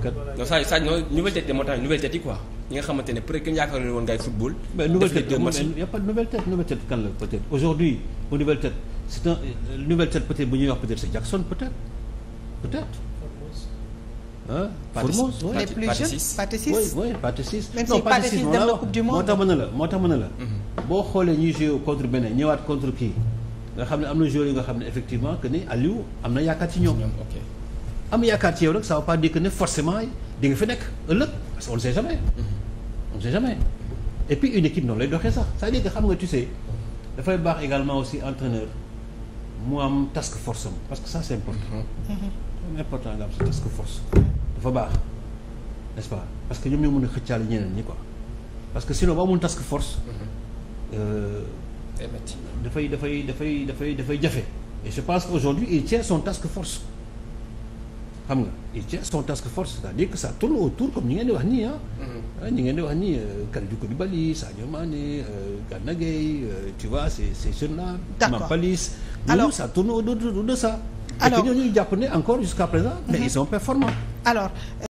kat. non Sadio Sadio non nouvelle tête moo tax nouvelle tête yi quoi ñi nga xamante ne peut-être kenn yaakaaroon woon ngay football. nouvelle tête y' a pas nouvelle tête kan la peut aujourd'hui bu nouvelle tête c'est un euh, nouvelle tête bu ñuy wax peut-être Jackson peut-être peut-être. moo tax ma ne la moo tax ma ne la. Mhm. boo xoolee ñuy joué contre Bénin ñëwaat contre kii nga xam ne am na joueurs yi nga xam ne effectivement que ni Aliou am na yaakaar ci ñoom. am yaakaar ci yow rek ça veut pas dire que ne forcément di nga fi nekk ëllëg parce que on ne sait jamais. Mm-hmm. on sait jamais et puis une équipe noonu lay doxee sax cest à xam nga tu sais dafay baax également aussi entraîneur mu am task force am parce que ça c'est important. Mm-hmm. Mm-hmm. c'est important nga am sa task force dafa que ñoom ñoo mën a xëccaale ñeneen ñi quoi parce que sinon ba amul task euh, dafay dafay dafay dafay dafay jafe. et je pense qu'aujourd'hui il tient son task force. xam nga il tient son task force c'est-à-dire que ça tourne autour comme ñi ngeen di wax nii ah ñi ngeen di wax nii Kalidou Koulibaly Sadio Mané Gana Gueye tu vois c'est ces jeunes-là Nampalys alors ça tourne autour de ça alors et que jàpp encore jusqu'à présent mais ils sont alors